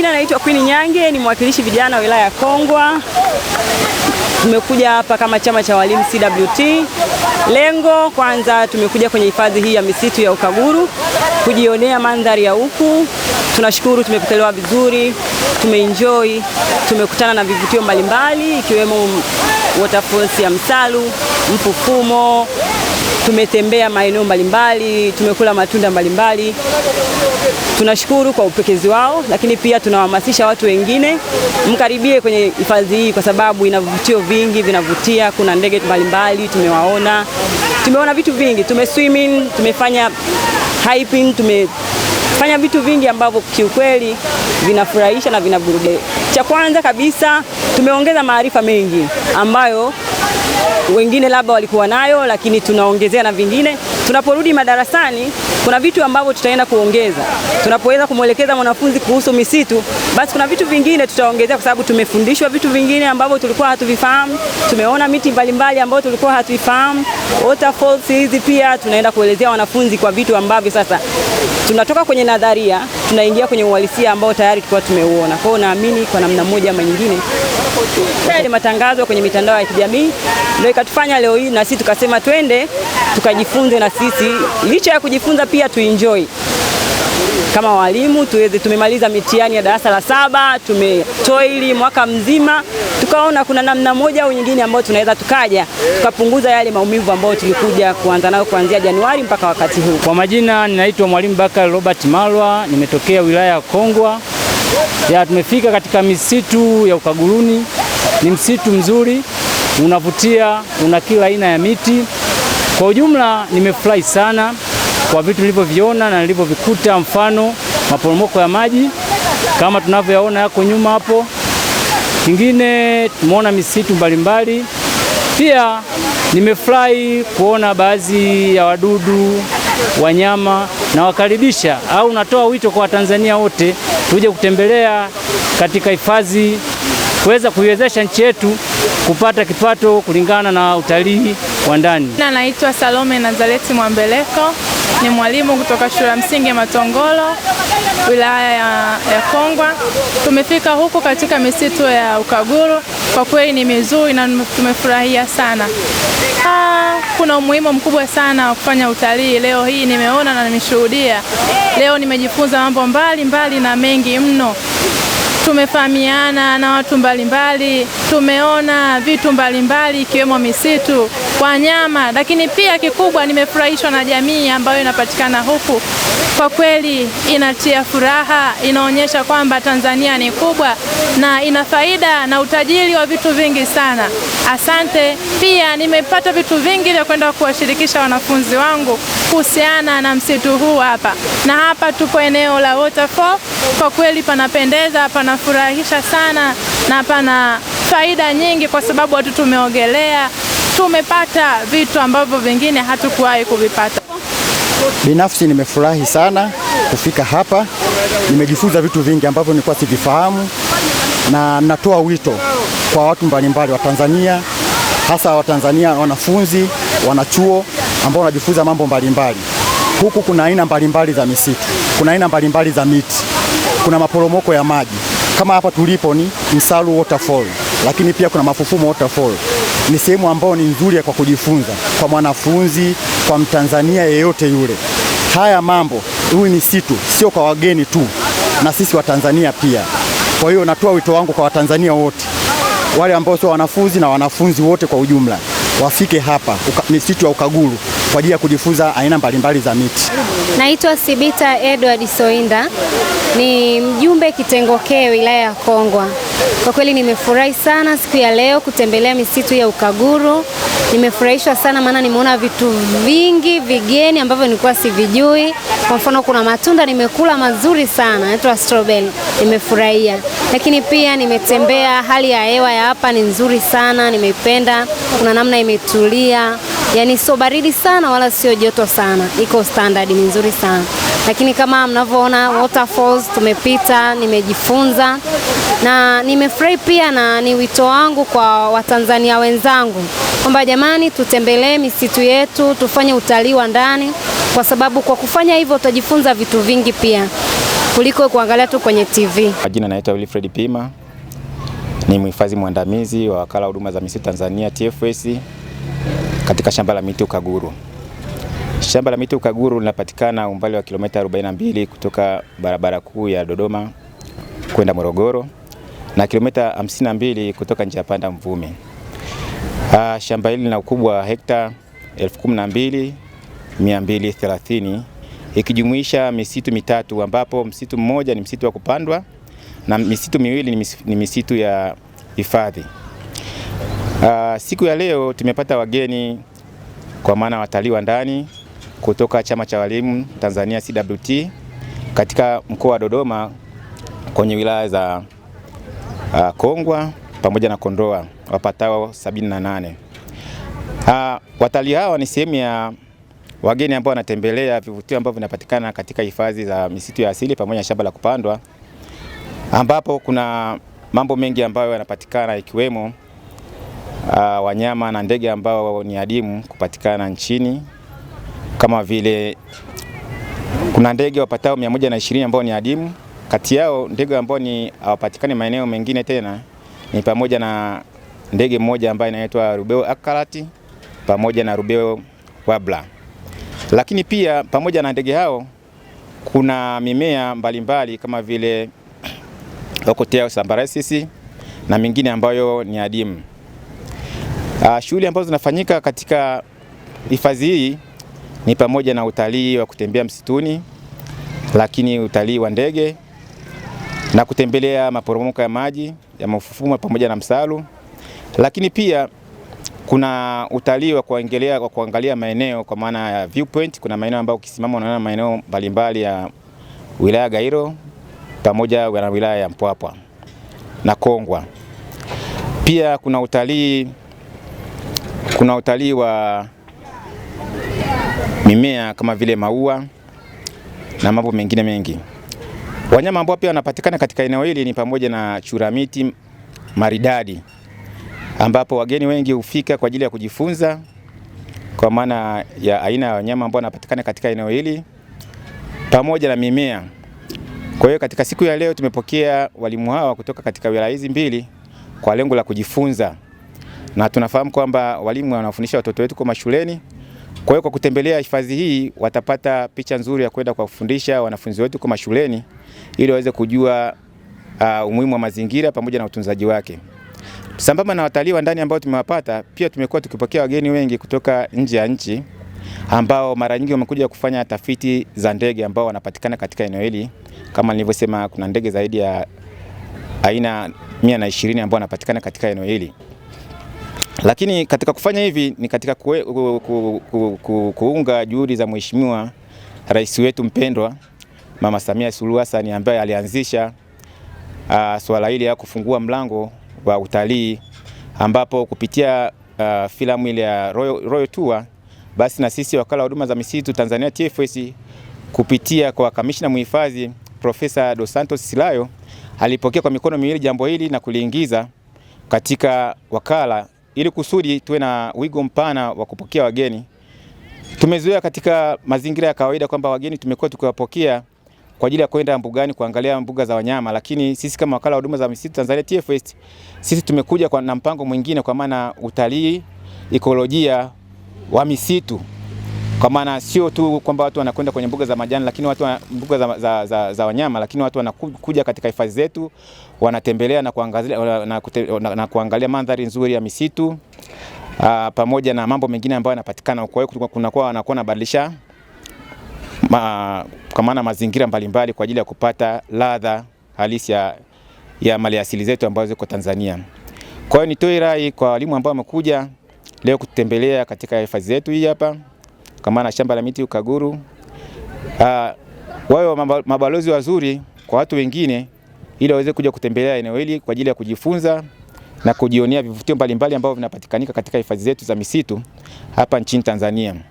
Jina naitwa Queen Nyange, ni mwakilishi vijana wa wilaya ya Kongwa. Tumekuja hapa kama chama cha walimu CWT. Lengo kwanza, tumekuja kwenye hifadhi hii ya misitu ya Ukaguru kujionea mandhari ya huku. Tunashukuru tumepokelewa vizuri, tumeenjoy, tumekutana na vivutio mbalimbali ikiwemo waterfalls ya Msalu, Mpufumo tumetembea maeneo mbalimbali, tumekula matunda mbalimbali. Tunashukuru kwa upekezi wao, lakini pia tunawahamasisha watu wengine mkaribie kwenye hifadhi hii kwa sababu ina vivutio vingi vinavutia. Kuna ndege mbalimbali tumewaona, tumeona vitu vingi, swimming, tumefanya hiking, tumefanya vitu vingi ambavyo kiukweli vinafurahisha na vinaburudisha. Cha kwanza kabisa tumeongeza maarifa mengi ambayo wengine labda walikuwa nayo, lakini tunaongezea na vingine. Tunaporudi madarasani, kuna vitu ambavyo tutaenda kuongeza. Tunapoweza kumwelekeza mwanafunzi kuhusu misitu, basi kuna vitu vingine tutaongezea, kwa sababu tumefundishwa vitu vingine ambavyo tulikuwa hatuvifahamu. Tumeona miti mbalimbali ambayo tulikuwa hatuifahamu. Waterfalls hizi pia tunaenda kuelezea wanafunzi kwa vitu ambavyo sasa tunatoka kwenye nadharia tunaingia kwenye uhalisia ambao tayari tulikuwa tumeuona. Kwa hiyo naamini kwa namna moja ama nyingine ni matangazo kwenye mitandao ya kijamii ndio ikatufanya leo hii na sisi tukasema twende tukajifunze na sisi, licha ya kujifunza pia tuenjoy kama walimu tuweze. Tumemaliza mitihani ya darasa la saba, tumetoili mwaka mzima, tukaona kuna namna moja au nyingine ambayo tunaweza tukaja tukapunguza yale maumivu ambayo tulikuja kuanza nayo kuanzia Januari mpaka wakati huu. Kwa majina, ninaitwa Mwalimu Bakari Robert Malwa, nimetokea wilaya ya Kongwa ya tumefika katika misitu ya Ukaguruni. Ni msitu mzuri, unavutia, una kila aina ya miti. Kwa ujumla, nimefurahi sana kwa vitu nilivyoviona na nilivyovikuta, mfano maporomoko ya maji kama tunavyoyaona yako nyuma hapo. Kingine tumeona misitu mbalimbali mbali. Pia nimefurahi kuona baadhi ya wadudu wanyama, na wakaribisha au natoa wito kwa Watanzania wote tuje kutembelea katika hifadhi kuweza kuiwezesha nchi yetu kupata kipato kulingana na utalii wa ndani. Na naitwa Salome Nazareti Mwambeleko, ni mwalimu kutoka shule ya msingi Matongolo, wilaya ya Kongwa. Tumefika huku katika misitu ya Ukaguru kwa kweli ni mizuri na tumefurahia sana. Ah, kuna umuhimu mkubwa sana wa kufanya utalii. Leo hii nimeona na nimeshuhudia. Leo nimejifunza mambo mbalimbali na mengi mno tumefahamiana na watu mbalimbali, tumeona vitu mbalimbali ikiwemo misitu, wanyama, lakini pia kikubwa nimefurahishwa na jamii ambayo inapatikana huku. Kwa kweli inatia furaha, inaonyesha kwamba Tanzania ni kubwa na ina faida na utajiri wa vitu vingi sana. Asante. Pia nimepata vitu vingi vya kwenda kuwashirikisha wanafunzi wangu kuhusiana na msitu huu hapa, na hapa tupo eneo la waterfall. Kwa kweli panapendeza, panafurahisha sana na pana faida nyingi, kwa sababu watu tumeogelea, tumepata vitu ambavyo vingine hatukuwahi kuvipata. Binafsi nimefurahi sana kufika hapa, nimejifunza vitu vingi ambavyo nilikuwa sivifahamu, na natoa wito kwa watu mbalimbali wa Tanzania, hasa Watanzania wanafunzi, wanachuo ambao unajifunza mambo mbalimbali mbali. Huku kuna aina mbalimbali za misitu, kuna aina mbalimbali za miti, kuna maporomoko ya maji kama hapa tulipo ni Msalu Waterfall, lakini pia kuna Mafufumo Waterfall. Ni sehemu ambayo ni nzuri kwa kujifunza kwa mwanafunzi, kwa Mtanzania yeyote yule. Haya mambo huyu misitu sio kwa wageni tu, na sisi Watanzania pia. Kwa hiyo natoa wito wangu kwa Watanzania wote wale ambao sio wanafunzi na wanafunzi wote kwa ujumla wafike hapa uka, misitu ya Ukaguru kwa ajili ya kujifunza aina mbalimbali za miti. Naitwa Sibita Edward Soinda, ni mjumbe kitengo K wilaya ya Kongwa. Kwa kweli nimefurahi sana siku ya leo kutembelea misitu ya Ukaguru. Nimefurahishwa sana maana nimeona vitu vingi vigeni ambavyo nilikuwa sivijui. Kwa mfano, kuna matunda nimekula mazuri sana, naitwa strawberry, nimefurahia. Lakini pia nimetembea, hali ya hewa ya hapa ni nzuri sana, nimeipenda. Kuna namna imetulia yani sio baridi sana wala sio joto sana, iko standard, ni nzuri sana lakini kama mnavyoona waterfalls tumepita, nimejifunza na nimefurahi pia, na ni wito wangu kwa Watanzania wenzangu kwamba jamani, tutembelee misitu yetu, tufanye utalii wa ndani, kwa sababu kwa kufanya hivyo utajifunza vitu vingi pia kuliko kuangalia tu kwenye TV. Majina naitwa Wilfred Pima, ni mhifadhi mwandamizi wa wakala huduma za misitu Tanzania TFS katika shamba la miti Ukaguru. Shamba la miti Ukaguru linapatikana umbali wa kilomita 42 kutoka barabara kuu ya Dodoma kwenda Morogoro na kilomita 52 kutoka njia panda Mvumi. Ah, shamba hili lina ukubwa wa hekta 12230 ikijumuisha misitu mitatu ambapo msitu mmoja ni msitu wa kupandwa na misitu miwili ni misitu ya hifadhi. Uh, siku ya leo tumepata wageni kwa maana watalii wa ndani kutoka Chama cha Walimu Tanzania CWT katika mkoa wa Dodoma kwenye wilaya za uh, Kongwa pamoja na Kondoa wapatao 78. Uh, watalii hawa ni sehemu ya wageni ambao wanatembelea vivutio ambavyo vinapatikana katika hifadhi za misitu ya asili pamoja na shamba la kupandwa ambapo kuna mambo mengi ambayo yanapatikana ikiwemo uh, wanyama na ndege ambao ni adimu kupatikana nchini kama vile kuna ndege wapatao 120 ambao ni adimu. Kati yao ndege ambao ni hawapatikani maeneo mengine tena ni pamoja na ndege mmoja ambaye inaitwa rubeo akarati pamoja na rubeo wabla. Lakini pia pamoja na ndege hao kuna mimea mbalimbali mbali kama vile okotea sambarasisi na mingine ambayo ni adimu. Ah, shughuli ambazo zinafanyika katika hifadhi hii ni pamoja na utalii wa kutembea msituni, lakini utalii wa ndege na kutembelea maporomoko ya maji ya Mafufuma pamoja na Msalu, lakini pia kuna utalii wa kuangalia, kuangalia maeneo kwa maana ya viewpoint. Kuna maeneo ambayo ukisimama unaona maeneo mbalimbali ya wilaya Gairo pamoja na wilaya ya Mpwapwa na Kongwa. Pia kuna utalii kuna utalii wa mimea kama vile maua na mambo mengine mengi. Wanyama ambao pia wanapatikana katika eneo hili ni pamoja na churamiti maridadi, ambapo wageni wengi hufika kwa ajili ya kujifunza kwa maana ya aina ya wanyama ambao wanapatikana katika eneo hili pamoja na mimea. Kwa hiyo katika siku ya leo tumepokea walimu hawa kutoka katika wilaya hizi mbili kwa lengo la kujifunza na tunafahamu kwamba walimu wanafundisha watoto wetu kwa mashuleni. Kwa hiyo kwa kutembelea hifadhi hii watapata picha nzuri ya kwenda kuwafundisha wanafunzi wetu kwa mashuleni ili waweze kujua uh, umuhimu wa mazingira pamoja na utunzaji wake. Sambamba na watalii wa ndani ambao tumewapata, pia tumekuwa tukipokea wageni wengi kutoka nje ya nchi ambao mara nyingi wamekuja kufanya tafiti za ndege ambao wanapatikana katika eneo hili. Kama nilivyosema, kuna ndege zaidi ya aina 120 ambao wanapatikana katika eneo hili. Lakini katika kufanya hivi ni katika kue, ku, ku, ku, ku, kuunga juhudi za Mheshimiwa Rais wetu mpendwa Mama Samia Suluhu Hassan ambaye alianzisha uh, swala hili ya kufungua mlango wa utalii ambapo kupitia uh, filamu ile ya Royal, Royal Tour basi na sisi wakala wa huduma za misitu Tanzania TFS kupitia kwa kamishna muhifadhi Profesa Dos Santos Silayo alipokea kwa mikono miwili jambo hili na kuliingiza katika wakala ili kusudi tuwe na wigo mpana wa kupokea wageni. Tumezoea katika mazingira ya kawaida kwamba wageni tumekuwa tukiwapokea kwa ajili ya kwenda mbugani kuangalia mbuga za wanyama, lakini sisi kama wakala wa huduma za misitu Tanzania TFS, sisi tumekuja kwa na mpango mwingine, kwa maana utalii, ekolojia wa misitu. Kwa maana sio tu kwamba watu wanakwenda kwenye mbuga za majani, lakini watu mbuga za, za, za, za wanyama, lakini watu wanakuja katika hifadhi zetu wanatembelea na kuangalia, na, na, na kuangalia mandhari nzuri ya misitu aa, ah, pamoja na mambo mengine ambayo yanapatikana huko. Kwa kunakuwa wanakuwa wanabadilisha ma, kwa maana mazingira mbalimbali mbali kwa ajili ya kupata ladha halisi ya, ya maliasili zetu ambazo ziko Tanzania. Kwa hiyo nitoe rai kwa walimu ambao wamekuja leo kutembelea katika hifadhi zetu hii hapa kwa maana shamba la miti Ukaguru. Uh, wawe mabalozi wazuri kwa watu wengine ili waweze kuja kutembelea eneo hili kwa ajili ya kujifunza na kujionea vivutio mbalimbali ambavyo vinapatikanika katika hifadhi zetu za misitu hapa nchini Tanzania.